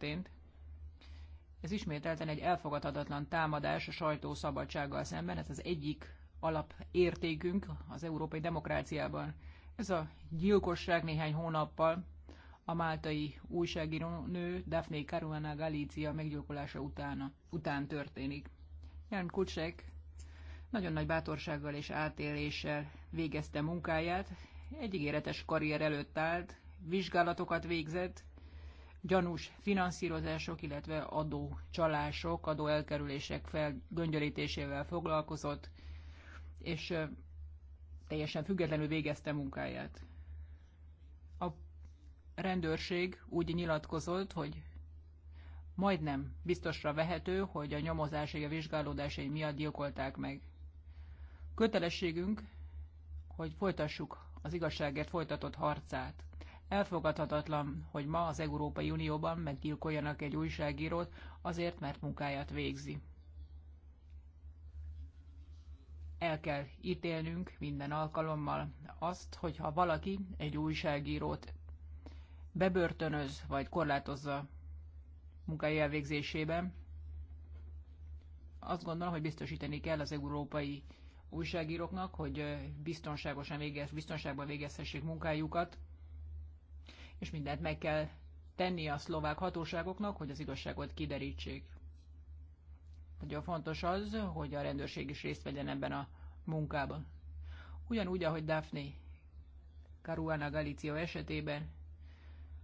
történt. Ez ismételten egy elfogadhatatlan támadás a sajtó szabadsággal szemben, ez az egyik alapértékünk az európai demokráciában. Ez a gyilkosság néhány hónappal a máltai újságíró nő Daphne Caruana Galícia meggyilkolása utána, után történik. Jan Kucsek nagyon nagy bátorsággal és átéléssel végezte munkáját, egy ígéretes karrier előtt állt, vizsgálatokat végzett, gyanús finanszírozások, illetve adócsalások, adóelkerülések felgöngyölítésével foglalkozott, és teljesen függetlenül végezte munkáját. A rendőrség úgy nyilatkozott, hogy majdnem biztosra vehető, hogy a nyomozásai, a vizsgálódásai miatt gyilkolták meg. Kötelességünk, hogy folytassuk az igazságért folytatott harcát. Elfogadhatatlan, hogy ma az Európai Unióban meggyilkoljanak egy újságírót azért, mert munkáját végzi. El kell ítélnünk minden alkalommal azt, hogyha valaki egy újságírót bebörtönöz vagy korlátozza munkai elvégzésében, azt gondolom, hogy biztosítani kell az európai újságíróknak, hogy biztonságosan végez, biztonságban végezhessék munkájukat, és mindent meg kell tenni a szlovák hatóságoknak, hogy az igazságot kiderítsék. Nagyon fontos az, hogy a rendőrség is részt vegyen ebben a munkában. Ugyanúgy, ahogy Daphne Caruana Galicia esetében,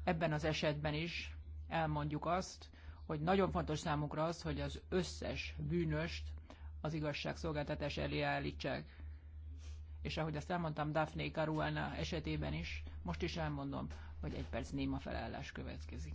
ebben az esetben is elmondjuk azt, hogy nagyon fontos számukra az, hogy az összes bűnöst az igazságszolgáltatás elé állítsák és ahogy azt elmondtam Daphne Caruana esetében is, most is elmondom, hogy egy perc néma felállás következik.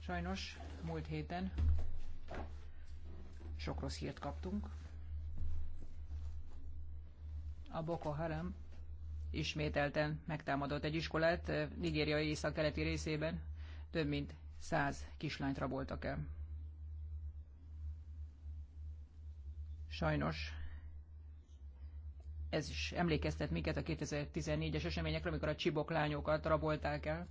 sajnos múlt héten sok rossz hrt kaptunk a Boko Haram ismételten megtámadott egy iskolát eh, Nigéria észak-keleti részében több mint száz kislányt raboltak el. Sajnos ez is emlékeztet minket a 2014-es eseményekre, amikor a csibok lányokat rabolták el.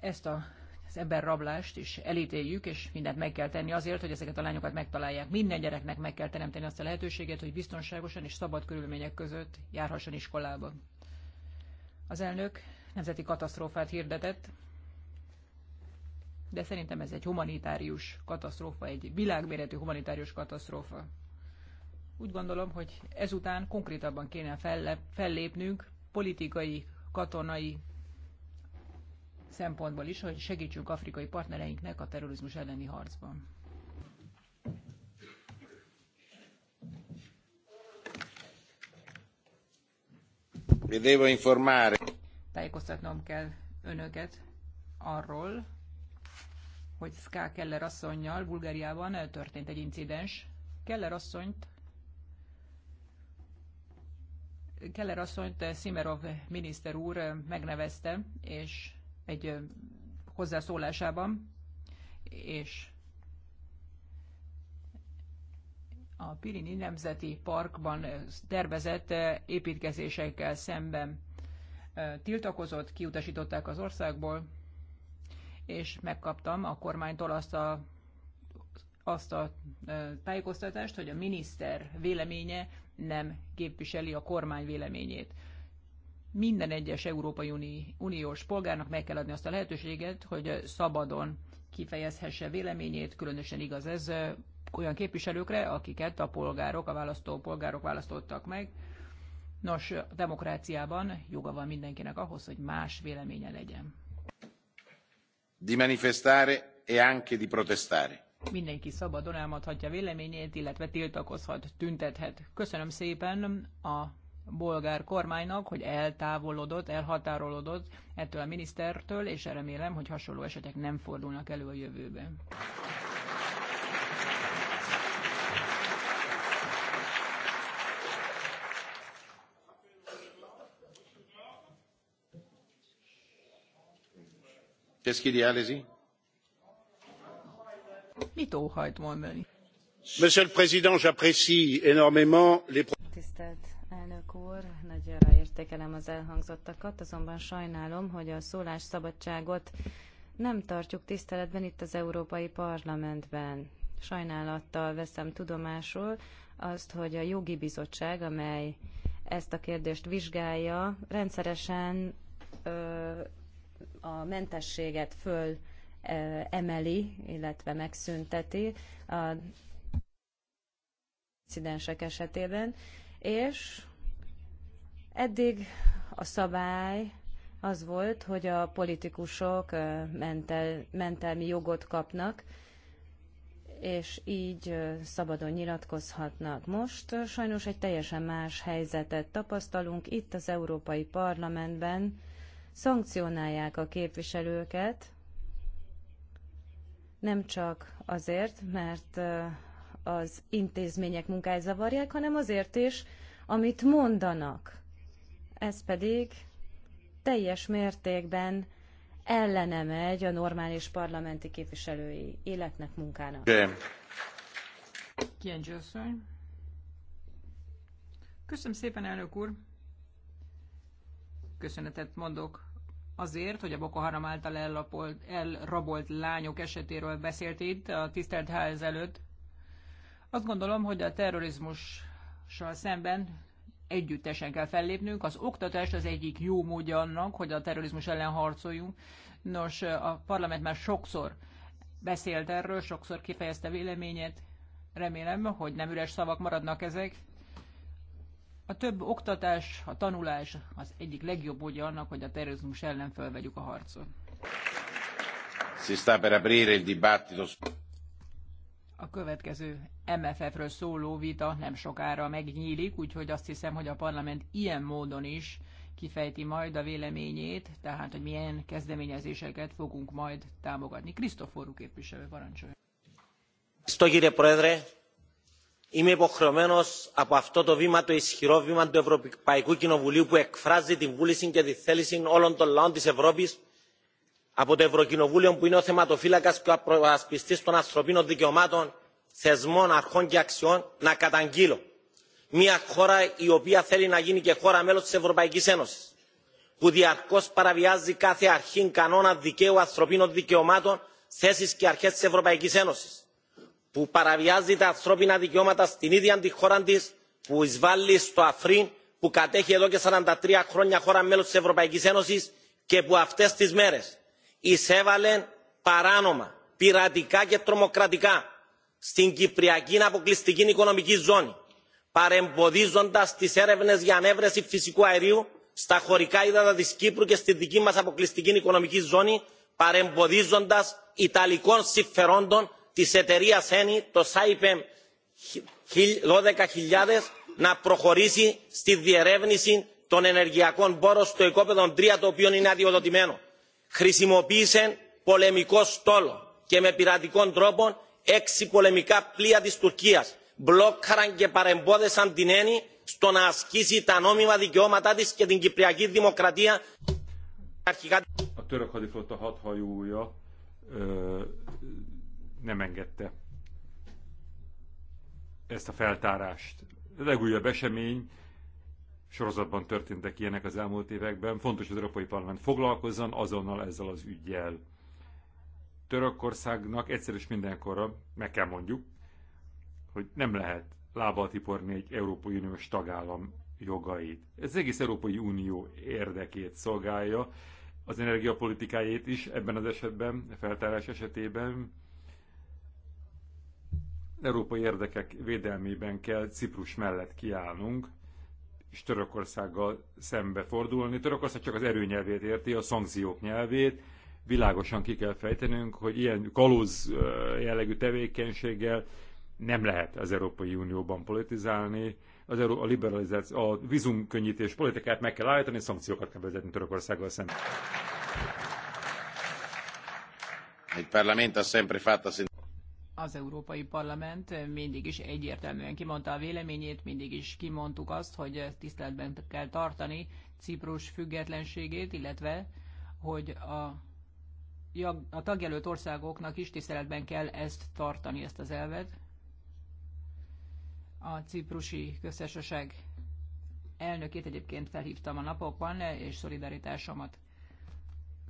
Ezt a az rablást is elítéljük, és mindent meg kell tenni azért, hogy ezeket a lányokat megtalálják. Minden gyereknek meg kell teremteni azt a lehetőséget, hogy biztonságosan és szabad körülmények között járhasson iskolába. Az elnök nemzeti katasztrófát hirdetett, de szerintem ez egy humanitárius katasztrófa, egy világméretű humanitárius katasztrófa. Úgy gondolom, hogy ezután konkrétabban kéne fellépnünk politikai, katonai szempontból is, hogy segítsünk afrikai partnereinknek a terrorizmus elleni harcban. devo informare. Tájékoztatnom kell önöket arról, hogy Ská Keller asszonynal Bulgáriában történt egy incidens. Keller asszonyt Keller asszonyt eh, Szimerov miniszter úr eh, megnevezte, és egy eh, hozzászólásában, és a Pirini Nemzeti Parkban tervezett építkezésekkel szemben tiltakozott, kiutasították az országból, és megkaptam a kormánytól azt a, azt a tájékoztatást, hogy a miniszter véleménye nem képviseli a kormány véleményét. Minden egyes Európai Uniós polgárnak meg kell adni azt a lehetőséget, hogy szabadon kifejezhesse véleményét, különösen igaz ez olyan képviselőkre, akiket a polgárok, a választó polgárok választottak meg. Nos, a demokráciában joga van mindenkinek ahhoz, hogy más véleménye legyen. Di manifestare e anche di protestare Mindenki szabadon elmondhatja véleményét, illetve tiltakozhat, tüntethet. Köszönöm szépen a bolgár kormánynak, hogy eltávolodott, elhatárolódott ettől a minisztertől, és remélem, hogy hasonló esetek nem fordulnak elő a jövőben. Köszönöm. ce Mit óhajt mondani? Monsieur le Président, j'apprécie énormément les... Tisztelt elnök úr, nagyra értékelem az elhangzottakat, azonban sajnálom, hogy a szólásszabadságot nem tartjuk tiszteletben itt az Európai Parlamentben. Sajnálattal veszem tudomásul azt, hogy a jogi bizottság, amely ezt a kérdést vizsgálja, rendszeresen ö, a mentességet föl emeli, illetve megszünteti a incidensek esetében, és eddig a szabály az volt, hogy a politikusok mentel, mentelmi jogot kapnak, és így szabadon nyilatkozhatnak. Most sajnos egy teljesen más helyzetet tapasztalunk. Itt az Európai Parlamentben szankcionálják a képviselőket, nem csak azért, mert az intézmények munkáját zavarják, hanem azért is, amit mondanak. Ez pedig teljes mértékben ellene megy a normális parlamenti képviselői életnek, munkának. Köszönöm szépen, elnök úr. Köszönetet mondok azért, hogy a Boko Haram által ellapolt, elrabolt lányok esetéről beszélt itt a tisztelt ház előtt. Azt gondolom, hogy a terrorizmussal szemben együttesen kell fellépnünk. Az oktatás az egyik jó módja annak, hogy a terrorizmus ellen harcoljunk. Nos, a parlament már sokszor beszélt erről, sokszor kifejezte véleményét. Remélem, hogy nem üres szavak maradnak ezek. A több oktatás, a tanulás az egyik legjobb módja annak, hogy a terrorizmus ellen felvegyük a harcot. A következő MFF-ről szóló vita nem sokára megnyílik, úgyhogy azt hiszem, hogy a parlament ilyen módon is kifejti majd a véleményét, tehát hogy milyen kezdeményezéseket fogunk majd támogatni. Krisztoforú képviselő parancsolja είμαι υποχρεωμένο από αυτό το βήμα, το ισχυρό βήμα του Ευρωπαϊκού Κοινοβουλίου που εκφράζει την βούληση και τη θέληση όλων των λαών τη Ευρώπη από το Ευρωκοινοβούλιο που είναι ο θεματοφύλακα και ο προασπιστής των ανθρωπίνων δικαιωμάτων, θεσμών, αρχών και αξιών να καταγγείλω μια χώρα η οποία θέλει να γίνει και χώρα μέλο τη Ευρωπαϊκή Ένωση, που διαρκώ παραβιάζει κάθε αρχή κανόνα δικαίου ανθρωπίνων δικαιωμάτων, θέσει και αρχέ τη Ευρωπαϊκή Ένωση που παραβιάζει τα ανθρώπινα δικαιώματα στην ίδια τη χώρα τη, που εισβάλλει στο Αφρίν, που κατέχει εδώ και 43 χρόνια χώρα μέλο τη Ευρωπαϊκή Ένωση και που αυτέ τι μέρε εισέβαλε παράνομα, πειρατικά και τρομοκρατικά στην Κυπριακή αποκλειστική οικονομική ζώνη, παρεμποδίζοντα τι έρευνε για ανέβρεση φυσικού αερίου στα χωρικά ύδατα τη Κύπρου και στη δική μα αποκλειστική οικονομική ζώνη, παρεμποδίζοντα Ιταλικών συμφερόντων της εταιρείας Eni, το ΣΑΙΠΕΜ 12.000, να προχωρήσει στη διερεύνηση των ενεργειακών πόρων στο οικόπεδο 3, το οποίο είναι αδειοδοτημένο. Χρησιμοποίησε πολεμικό στόλο και με πειρατικό τρόπο έξι πολεμικά πλοία της Τουρκίας. Μπλόκαραν και παρεμπόδεσαν την Ένη στο να ασκήσει τα νόμιμα δικαιώματά της και την Κυπριακή Δημοκρατία. Αρχικά... török hadiflotta hat hajója nem engedte ezt a feltárást. A legújabb esemény, sorozatban történtek ilyenek az elmúlt években, fontos, hogy az Európai Parlament foglalkozzon azonnal ezzel az ügyjel. Törökországnak egyszer is mindenkorra meg kell mondjuk, hogy nem lehet lába tiporni egy Európai Uniós tagállam jogait. Ez az egész Európai Unió érdekét szolgálja, az energiapolitikájét is ebben az esetben, a feltárás esetében, európai érdekek védelmében kell Ciprus mellett kiállnunk, és Törökországgal szembe fordulni. Törökország csak az erőnyelvét érti, a szankciók nyelvét. Világosan ki kell fejtenünk, hogy ilyen kalóz jellegű tevékenységgel nem lehet az Európai Unióban politizálni. Az Euró- a liberalizáció, a vízumkönnyítés politikát meg kell állítani, szankciókat kell vezetni Törökországgal szemben. A parlament a sempre szint az Európai Parlament mindig is egyértelműen kimondta a véleményét, mindig is kimondtuk azt, hogy tiszteletben kell tartani Ciprus függetlenségét, illetve hogy a, a tagjelölt országoknak is tiszteletben kell ezt tartani, ezt az elvet. A ciprusi köztársaság elnökét egyébként felhívtam a napokban, és szolidaritásomat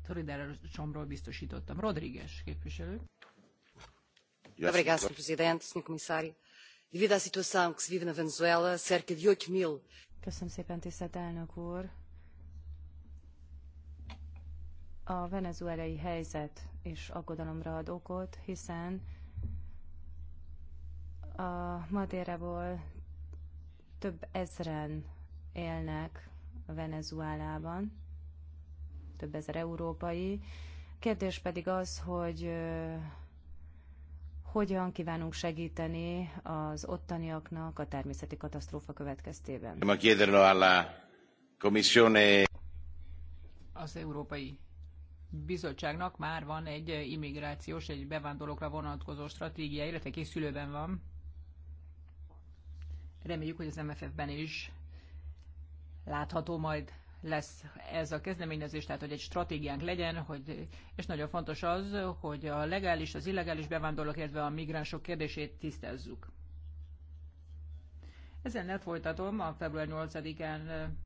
szolidaritásomról biztosítottam. Rodríguez képviselő. E senhor presidente senhor comissário devido à situação que se vive na venezuela cerca de oito mil. köszönöm szépen tisztelt elnök úr a venezuelai helyzet és aggodalomra ad okot hiszen a Madérából több ezren élnek Venezuelában, több ezer európai. Kérdés pedig az, hogy hogyan kívánunk segíteni az ottaniaknak a természeti katasztrófa következtében. Az Európai Bizottságnak már van egy immigrációs, egy bevándorlókra vonatkozó stratégia, illetve készülőben van. Reméljük, hogy az MFF-ben is látható majd lesz ez a kezdeményezés, tehát hogy egy stratégiánk legyen, hogy, és nagyon fontos az, hogy a legális, az illegális bevándorlók, illetve a migránsok kérdését tisztázzuk. Ezennel folytatom a február 8-án